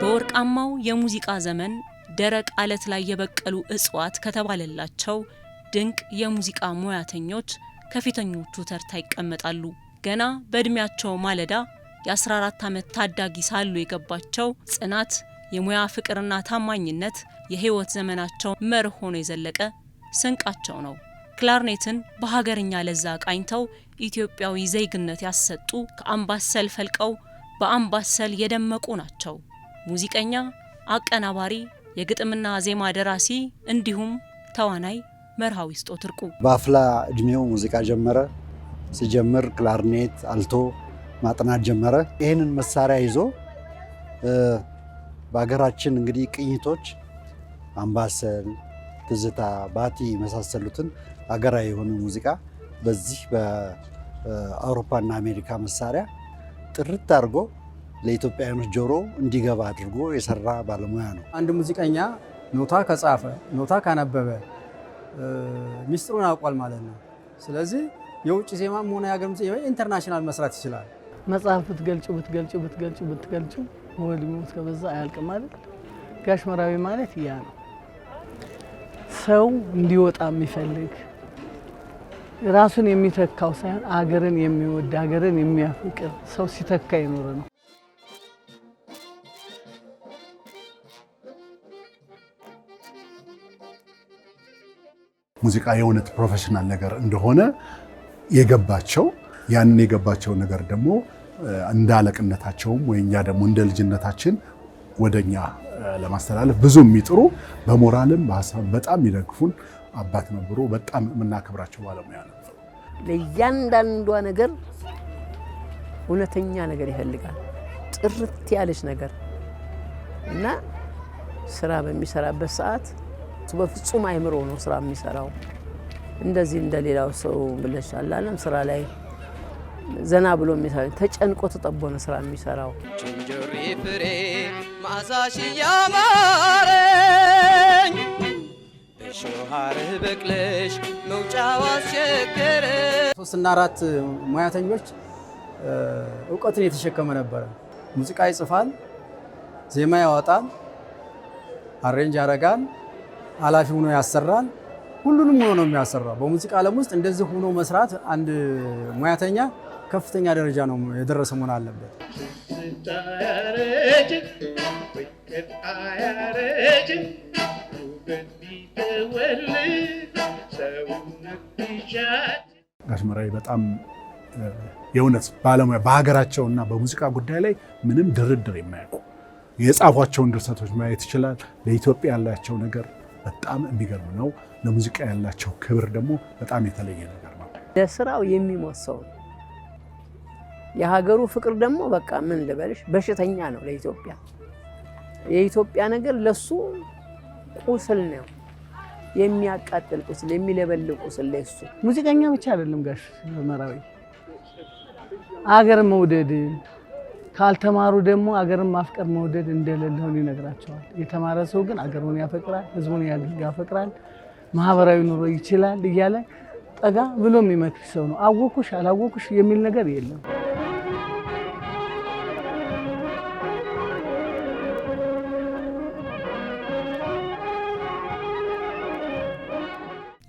በወርቃማው የሙዚቃ ዘመን ደረቅ አለት ላይ የበቀሉ እጽዋት ከተባለላቸው ድንቅ የሙዚቃ ሙያተኞች ከፊተኞቹ ተርታ ይቀመጣሉ። ገና በእድሜያቸው ማለዳ የ14 ዓመት ታዳጊ ሳሉ የገባቸው ጽናት፣ የሙያ ፍቅርና ታማኝነት የህይወት ዘመናቸው መርህ ሆኖ የዘለቀ ስንቃቸው ነው። ክላርኔትን በሀገርኛ ለዛ ቃኝተው ኢትዮጵያዊ ዜግነት ያሰጡ ከአምባሰል ፈልቀው በአምባሰል የደመቁ ናቸው። ሙዚቀኛ፣ አቀናባሪ፣ የግጥምና ዜማ ደራሲ እንዲሁም ተዋናይ መርሃዊ ስጦት እርቁ በአፍላ እድሜው ሙዚቃ ጀመረ። ሲጀምር ክላርኔት፣ አልቶ ማጥናት ጀመረ። ይህንን መሳሪያ ይዞ በሀገራችን እንግዲህ ቅኝቶች አምባሰል ትዝታ፣ ባቲ የመሳሰሉትን አገራዊ የሆነ ሙዚቃ በዚህ በአውሮፓና አሜሪካ መሳሪያ ጥርት አድርጎ ለኢትዮጵያውያኖች ጆሮ እንዲገባ አድርጎ የሰራ ባለሙያ ነው። አንድ ሙዚቀኛ ኖታ ከጻፈ ኖታ ካነበበ ሚስጥሩን አውቋል ማለት ነው። ስለዚህ የውጭ ዜማም ሆነ የሀገር ኢንተርናሽናል መስራት ይችላል። መጽሐፍ ብትገልጩ ብትገልጩ ብትገልጩ ብትገልጭ ወድሞ ከበዛ አያልቅም ማለት ጋሽ መራዊ ማለት ያ ነው። ሰው እንዲወጣ የሚፈልግ ራሱን የሚተካው ሳይሆን አገርን የሚወድ አገርን የሚያፍቅር ሰው ሲተካ ይኖር ነው። ሙዚቃ የእውነት ፕሮፌሽናል ነገር እንደሆነ የገባቸው ያንን የገባቸው ነገር ደግሞ እንደ አለቅነታቸውም ወይ እኛ ደግሞ እንደ ልጅነታችን ወደኛ ለማስተላለፍ ብዙ የሚጥሩ በሞራልም በሀሳብ በጣም ይደግፉን አባት ነበሩ። በጣም የምናከብራቸው ባለሙያ ነበሩ። ለእያንዳንዷ ነገር እውነተኛ ነገር ይፈልጋል፣ ጥርት ያለች ነገር እና ስራ በሚሰራበት ሰዓት በፍጹም አይምሮ ነው ስራ የሚሰራው። እንደዚህ እንደሌላው ሰው ብለሻል አለም ስራ ላይ ዘና ብሎ የሚሰራ ተጨንቆ ተጠቦ ነው ስራ የሚሰራው። ችንጆሪ ፍሬ ማዛሽ እያማረኝ በሾሃርህ በቅለሽ መውጫዋ አስቸገረ። ሶስትና አራት ሙያተኞች እውቀትን የተሸከመ ነበረ። ሙዚቃ ይጽፋል፣ ዜማ ያወጣል፣ አሬንጅ ያረጋል፣ ኃላፊ ሆኖ ያሰራል። ሁሉንም ሆኖ ነው የሚያሰራው። በሙዚቃ ዓለም ውስጥ እንደዚህ ሆኖ መስራት አንድ ሙያተኛ ከፍተኛ ደረጃ ነው የደረሰ መሆን አለበት። ጋሽ መራዊ በጣም የእውነት ባለሙያ እና በሙዚቃ ጉዳይ ላይ ምንም ድርድር የማያውቁ የጻፏቸውን ድርሰቶች ማየት ይችላል። ለኢትዮጵያ ያላቸው ነገር በጣም የሚገርም ነው። ለሙዚቃ ያላቸው ክብር ደግሞ በጣም የተለየ ነገር ነው። ለስራው የሚሞት ሰው የሀገሩ ፍቅር ደግሞ በቃ ምን ልበልሽ በሽተኛ ነው ለኢትዮጵያ። የኢትዮጵያ ነገር ለሱ ቁስል ነው፣ የሚያቃጥል ቁስል፣ የሚለበል ቁስል ለሱ። ሙዚቀኛ ብቻ አይደለም ጋሽ መራዊ፣ አገር መውደድ ካልተማሩ ደግሞ አገርን ማፍቀር መውደድ እንደሌለውን ይነግራቸዋል። የተማረ ሰው ግን አገሩን ያፈቅራል፣ ህዝቡን ያፈቅራል፣ ማህበራዊ ኑሮ ይችላል እያለ ጠጋ ብሎ የሚመክር ሰው ነው። አወኩሽ አላወኩሽ የሚል ነገር የለም።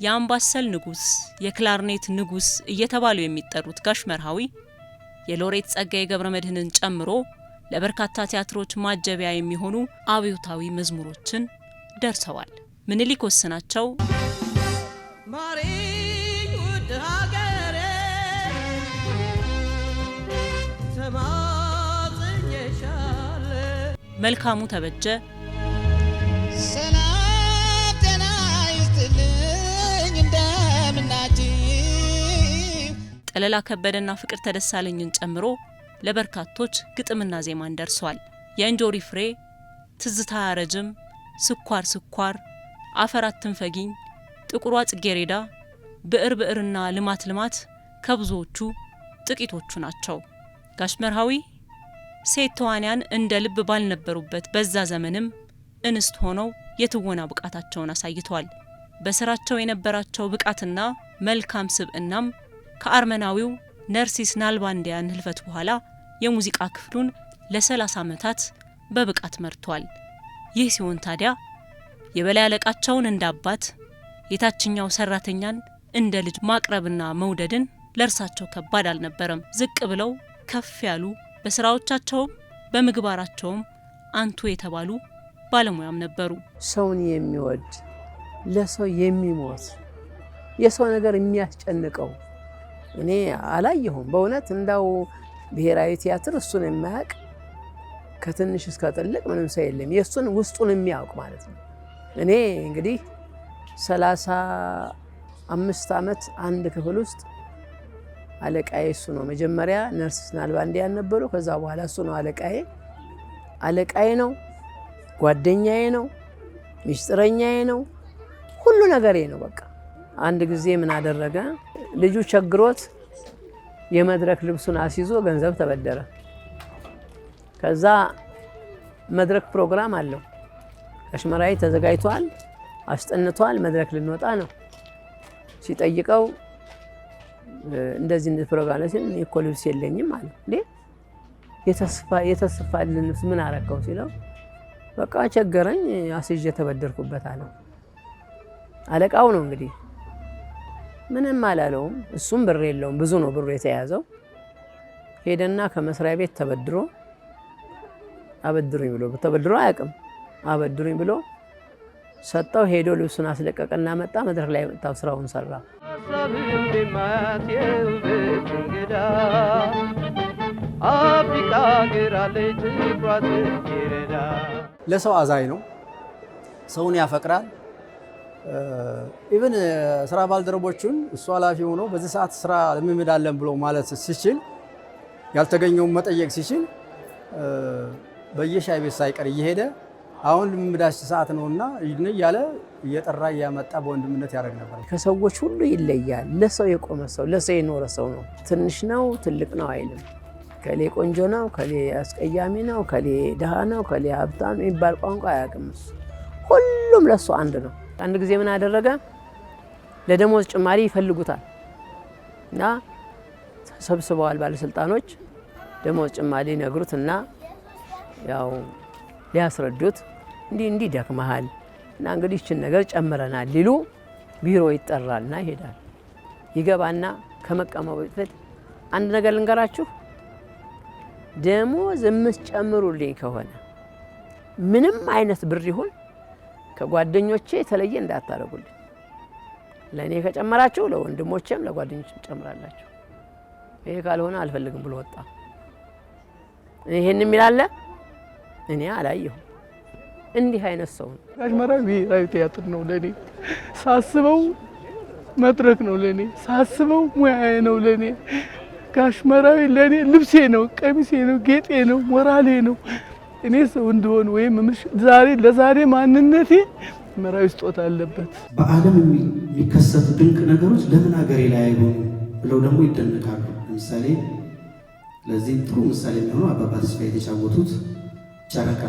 የአምባሰል ንጉስ የክላርኔት ንጉስ እየተባሉ የሚጠሩት ጋሽ መርሃዊ የሎሬት ጸጋዬ ገብረ መድህንን ጨምሮ ለበርካታ ቲያትሮች ማጀቢያ የሚሆኑ አብዮታዊ መዝሙሮችን ደርሰዋል። ምኒልክ ወስናቸው መልካሙ ተበጀ ጠለላ ከበደና ፍቅር ተደሳለኝን ጨምሮ ለበርካቶች ግጥምና ዜማን ደርሷል። የእንጆሪ ፍሬ፣ ትዝታ ያረጅም፣ ስኳር ስኳር፣ አፈር አትንፈጊኝ፣ ጥቁሯ ጽጌሬዳ፣ ብዕር ብዕርና ልማት ልማት ከብዙዎቹ ጥቂቶቹ ናቸው። ጋሽ መርሃዊ ሴት ተዋንያን እንደ ልብ ባልነበሩበት በዛ ዘመንም እንስት ሆነው የትወና ብቃታቸውን አሳይተዋል። በስራቸው የነበራቸው ብቃትና መልካም ስብዕናም ከአርመናዊው ነርሲስ ናልባንዲያን ህልፈት በኋላ የሙዚቃ ክፍሉን ለ30 ዓመታት በብቃት መርቷል። ይህ ሲሆን ታዲያ የበላይ አለቃቸውን እንደ አባት፣ የታችኛው ሰራተኛን እንደ ልጅ ማቅረብና መውደድን ለእርሳቸው ከባድ አልነበረም። ዝቅ ብለው ከፍ ያሉ በስራዎቻቸውም በምግባራቸውም አንቱ የተባሉ ባለሙያም ነበሩ። ሰውን የሚወድ ለሰው የሚሞት የሰው ነገር የሚያስጨንቀው እኔ አላየሁም። በእውነት እንዳው ብሔራዊ ቲያትር እሱን የማያውቅ ከትንሽ እስከ ትልቅ ምንም ሰው የለም፣ የእሱን ውስጡን የሚያውቅ ማለት ነው። እኔ እንግዲህ ሰላሳ አምስት ዓመት አንድ ክፍል ውስጥ አለቃዬ እሱ ነው። መጀመሪያ ነርስ ናልባንዴ ያልነበሩ፣ ከዛ በኋላ እሱ ነው አለቃዬ። አለቃዬ ነው፣ ጓደኛዬ ነው፣ ሚስጥረኛዬ ነው፣ ሁሉ ነገሬ ነው በቃ አንድ ጊዜ ምን አደረገ፣ ልጁ ቸግሮት የመድረክ ልብሱን አስይዞ ገንዘብ ተበደረ። ከዛ መድረክ ፕሮግራም አለው ቀሽመራዊ ተዘጋጅቷል፣ አስጠንቷል። መድረክ ልንወጣ ነው። ሲጠይቀው እንደዚህ እንደ ፕሮግራም ላይ ሲል እኮ ልብስ የለኝም አለ። እንዴ የተስፋ የተስፋ ልብስ ምን አረከው ሲለው በቃ ቸገረኝ አስይዤ ተበደርኩበት አለው። አለቃው ነው እንግዲህ ምንም አላለውም። እሱም ብር የለውም፣ ብዙ ነው ብሩ የተያዘው። ሄደና ከመስሪያ ቤት ተበድሮ አበድሩኝ ብሎ ተበድሮ አያውቅም። አበድሩኝ ብሎ ሰጠው። ሄዶ ልብሱን አስለቀቀና መጣ። መድረክ ላይ መጣው፣ ስራውን ሰራ። ለሰው አዛኝ ነው፣ ሰውን ያፈቅራል። ኢቨን uh, uh, ስራ ባልደረቦቹን እሱ ኃላፊ ሆኖ በዚህ ሰዓት ስራ ልምምድ አለን ብሎ ማለት ሲችል ያልተገኘውን መጠየቅ ሲችል uh, በየሻይ ቤት ሳይቀር እየሄደ አሁን ልምምዳች ሰዓት ነውና እያለ እየጠራ እያመጣ በወንድምነት ያደርግ ነበር። ከሰዎች ሁሉ ይለያል። ለሰው የቆመ ሰው፣ ለሰው የኖረ ሰው ነው። ትንሽ ነው ትልቅ ነው አይልም። ከሌ ቆንጆ ነው፣ ከሌ አስቀያሚ ነው፣ ከሌ ድሃ ነው፣ ከሌ ሀብታም የሚባል ቋንቋ አያውቅም። ሁሉም ለእሱ አንድ ነው። አንድ ጊዜ ምን አደረገ? ለደሞዝ ጭማሪ ይፈልጉታል እና ሰብስበዋል ባለስልጣኖች ደሞዝ ጭማሪ ሊነግሩት እና ያው ሊያስረዱት እንዲህ እንዲህ ደክመሃል እና እንግዲህ ይችን ነገር ጨምረናል ሊሉ ቢሮ ይጠራልና ይሄዳል። ይገባና ከመቀመው በፊት አንድ ነገር ልንገራችሁ፣ ደሞዝ የምትጨምሩልኝ ከሆነ ምንም አይነት ብር ይሁን ከጓደኞቼ የተለየ እንዳታደርጉልኝ። ለእኔ ከጨመራችሁ ለወንድሞቼም ለጓደኞችም ጨምራላችሁ። ይሄ ካልሆነ አልፈልግም ብሎ ወጣ። ይሄን የሚላለ እኔ አላየሁም። እንዲህ አይነት ሰው ነው ጋሽ መራዊ። ቲያትር ነው ለእኔ ሳስበው፣ መድረክ ነው ለእኔ ሳስበው፣ ሙያዬ ነው ለእኔ ጋሽ ለእኔ ልብሴ ነው፣ ቀሚሴ ነው፣ ጌጤ ነው፣ ሞራሌ ነው። እኔ ሰው እንደሆን ወይም ዛሬ ለዛሬ ማንነቴ መራዊ ስጦታ አለበት። በዓለም የሚከሰቱ ድንቅ ነገሮች ለምን ሀገሬ ላይ አይሆኑ ብለው ደግሞ ይደነቃሉ። ለምሳሌ ለዚህ ጥሩ ምሳሌ የሚሆነው አባባ ተስፋዬ የተጫወቱት ጨረቃ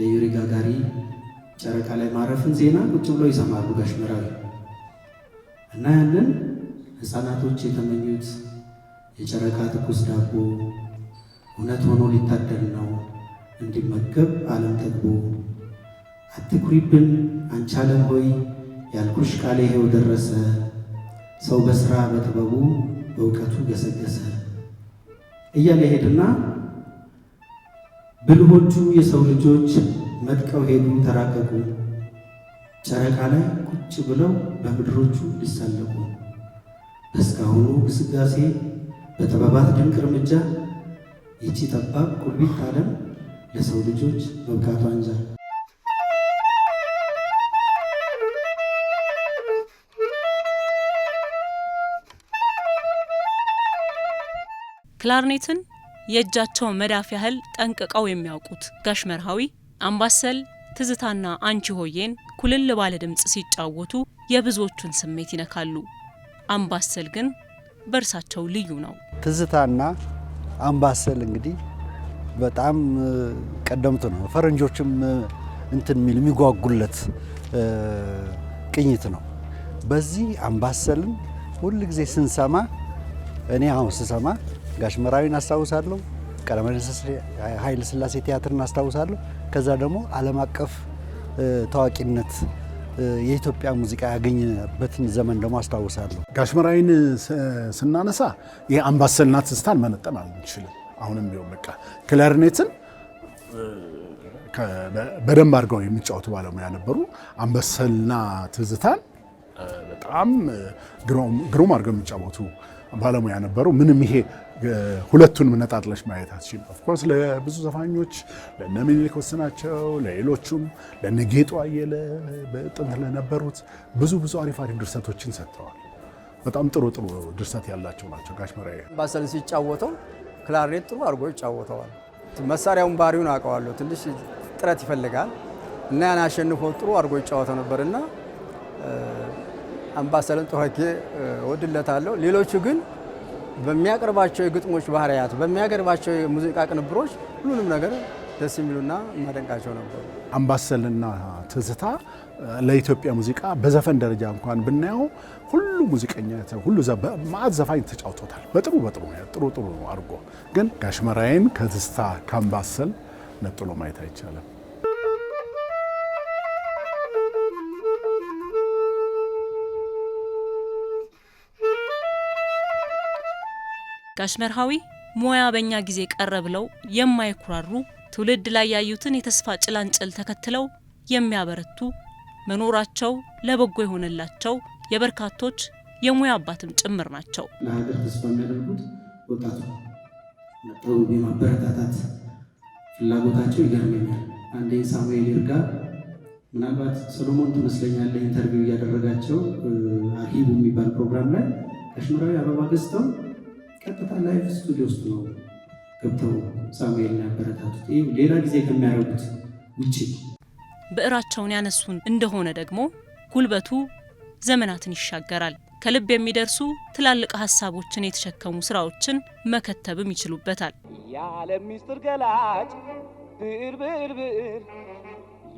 የዩሪ ጋጋሪ ጨረቃ ላይ ማረፍን ዜና ቁጭ ብለው ይሰማሉ ጋሽ መራዊ እና ያንን ሕፃናቶች የተመኙት የጨረቃ ትኩስ ዳቦ እውነት ሆኖ ሊታደል ነው። እንዲመገብ ዓለም ተግቦ አትኩሪብን አንቺ ዓለም ሆይ ያልኩሽ ቃል ይሄው ደረሰ። ሰው በስራ በጥበቡ በእውቀቱ ገሰገሰ እያለ ሄድና ብልሆቹ የሰው ልጆች መጥቀው ሄዱ ተራቀቁ፣ ጨረቃ ላይ ቁጭ ብለው በምድሮቹ ሊሳለቁ እስካሁኑ ግስጋሴ በጥበባት ድንቅ እርምጃ ይቺ ጠባብ ቁልቢት ዓለም ለሰው ልጆች መብቃቱ አንዛ ክላርኔትን የእጃቸው መዳፍ ያህል ጠንቅቀው የሚያውቁት ጋሽ መርሃዊ አምባሰል፣ ትዝታና አንቺ ሆዬን ኩልል ባለ ድምፅ ሲጫወቱ የብዙዎቹን ስሜት ይነካሉ። አምባሰል ግን በእርሳቸው ልዩ ነው። ትዝታና አምባሰል እንግዲህ በጣም ቀደምት ነው። ፈረንጆችም እንትን የሚል የሚጓጉለት ቅኝት ነው። በዚህ አምባሰልን ሁል ጊዜ ስንሰማ እኔ አሁን ስሰማ ጋሽ መራዊን አስታውሳለሁ፣ ቀዳማዊ ኃይለ ስላሴ ቲያትርን አስታውሳለሁ። ከዛ ደግሞ ዓለም አቀፍ ታዋቂነት የኢትዮጵያ ሙዚቃ ያገኘበትን ዘመን ደግሞ አስታውሳለሁ። ጋሽ መራዊን ስናነሳ ይህ ትዝታን መነጠል አንችልም። አሁንም ቢሆን በቃ ክላርኔትን በደንብ አድርገው የሚጫወቱ ባለሙያ ነበሩ። አንበሰልና ትዝታን በጣም ግሩም አድርገው የሚጫወቱ ባለሙያ ነበሩ። ምንም ይሄ ሁለቱን ምነጣጥለሽ ማየት አትችይም። ኦፍኮርስ ለብዙ ዘፋኞች ለእነ ምኒልክ ወስናቸው፣ ለሌሎቹም ለእነ ጌጡ አየለ በጥንት ለነበሩት ብዙ ብዙ አሪፍ አሪፍ ድርሰቶችን ሰጥተዋል። በጣም ጥሩ ጥሩ ድርሰት ያላቸው ናቸው። ጋሽ መራዬ ሲጫወተው ክላርኔት ጥሩ አድርጎ ይጫወተዋል። መሳሪያውን ባህሪውን አውቀዋለሁ። ትንሽ ጥረት ይፈልጋል እና ያን አሸንፎ ጥሩ አድርጎ ይጫወተው እና አምባሰልን ጦሀጌ እወድለታለሁ። ሌሎቹ ግን በሚያቀርባቸው የግጥሞች ባህርያት፣ በሚያቀርባቸው የሙዚቃ ቅንብሮች ሁሉንም ነገር ደስ የሚሉና የማደንቃቸው ነበሩ። አምባሰልና ትዝታ ለኢትዮጵያ ሙዚቃ በዘፈን ደረጃ እንኳን ብናየው ሁሉ ሙዚቀኛ ሁሉ ማዕት ዘፋኝ ተጫውቶታል። በጥሩ በጥሩ ጥሩ ጥሩ ነው አድርጎ ግን ጋሽመራይን ከትስታ ካምባሰል ነጥሎ ማየት አይቻልም። ጋሽመርሃዊ ሙያ በእኛ ጊዜ ቀረ ብለው የማይኩራሩ ትውልድ ላይ ያዩትን የተስፋ ጭላንጭል ተከትለው የሚያበረቱ መኖራቸው ለበጎ የሆነላቸው የበርካቶች የሙያ አባትም ጭምር ናቸው። ለሀገር ተስፋ የሚያደርጉት ወጣቱ መጣው የማበረታታት ፍላጎታቸው ይገርመኛል። አንዴ ሳሙኤል ይርጋ ምናልባት ሰሎሞን ትመስለኛለህ ኢንተርቪው እያደረጋቸው አርሂቡ የሚባል ፕሮግራም ላይ ካሽሚራዊ አበባ ገዝተው ቀጥታ ላይፍ ስቱዲዮ ውስጥ ነው ገብተው ሳሙኤል ያበረታቱት። ይህ ሌላ ጊዜ ከሚያደርጉት ውጭ ብዕራቸውን ያነሱን እንደሆነ ደግሞ ጉልበቱ ዘመናትን ይሻገራል። ከልብ የሚደርሱ ትላልቅ ሀሳቦችን የተሸከሙ ስራዎችን መከተብም ይችሉበታል። የዓለም ሚስጥር ገላጭ ብዕር ብዕር ብዕር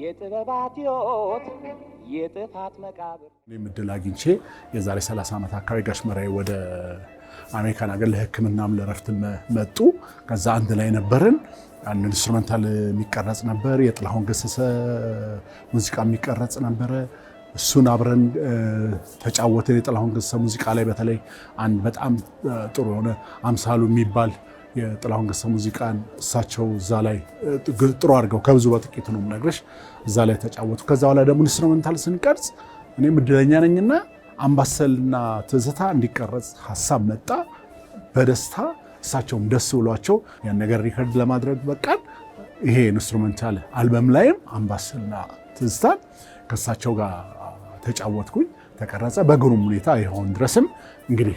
የጥበባት ሕይወት የጥፋት መቃብር እድል አግኝቼ የዛሬ 30 ዓመት አካባቢ ጋሽ መራዊ ወደ አሜሪካን ሀገር ለህክምናም ለረፍት መጡ። ከዛ አንድ ላይ ነበርን። አንድ ኢንስትሩመንታል የሚቀረጽ ነበር። የጥላሁን ገሰሰ ሙዚቃ የሚቀረጽ ነበረ። እሱን አብረን ተጫወትን። የጥላሁን ገሰሰ ሙዚቃ ላይ በተለይ አንድ በጣም ጥሩ የሆነ አምሳሉ የሚባል የጥላሁን ገሰሰ ሙዚቃን እሳቸው እዛ ላይ ጥሩ አድርገው ከብዙ በጥቂቱ ነው የምነግርሽ እዛ ላይ ተጫወቱ። ከዛ በኋላ ደግሞ ኢንስትሩመንታል ስንቀርጽ እኔም እድለኛ ነኝና አምባሰልና ትዝታ እንዲቀረጽ ሀሳብ መጣ በደስታ እሳቸውም ደስ ብሏቸው ያን ነገር ሪከርድ ለማድረግ በቃን። ይሄ ኢንስትሩመንታል አልበም ላይም አምባስና ትዝታን ከእሳቸው ጋር ተጫወትኩኝ ተቀረጸ በግሩም ሁኔታ ይኸውን ድረስም እንግዲህ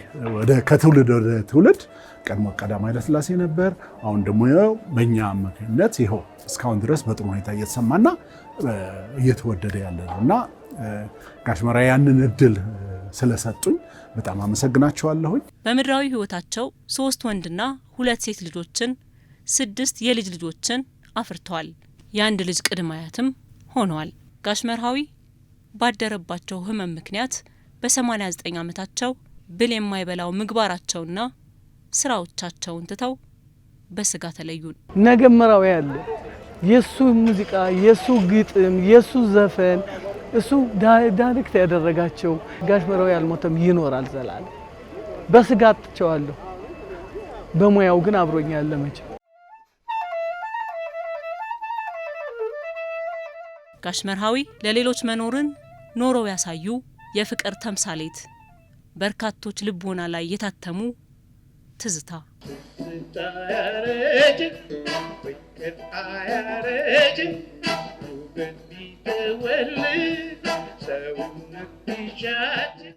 ከትውልድ ወደ ትውልድ ቀድሞ ቀዳማዊ ኃይለ ሥላሴ ነበር። አሁን ደግሞ በእኛ አማካኝነት ይኸው እስካሁን ድረስ በጥሩ ሁኔታ እየተሰማና እየተወደደ ያለ ነው እና ጋሽመራ ያንን እድል ስለሰጡኝ በጣም አመሰግናቸዋለሁኝ። በምድራዊ ህይወታቸው ሶስት ወንድና ሁለት ሴት ልጆችን፣ ስድስት የልጅ ልጆችን አፍርተዋል። የአንድ ልጅ ቅድመ አያትም ሆነዋል። ጋሽ መርሃዊ ባደረባቸው ህመም ምክንያት በ89 ዓመታቸው ብል የማይበላው ምግባራቸውና ስራዎቻቸውን ትተው በስጋ ተለዩን። ነገ መራዊ ያለ የሱ ሙዚቃ፣ የሱ ግጥም፣ የሱ ዘፈን እሱ ዳይሬክት ያደረጋቸው ጋሽ መራዊ አልሞተም፣ ይኖራል ዘላለም። በስጋ አጥቼዋለሁ፣ በሙያው ግን አብሮኛ ያለመች መቼም። ጋሽ መርሃዊ ለሌሎች መኖርን ኖረው ያሳዩ የፍቅር ተምሳሌት፣ በርካቶች ልቦና ላይ የታተሙ ትዝታ live, so we not be shy.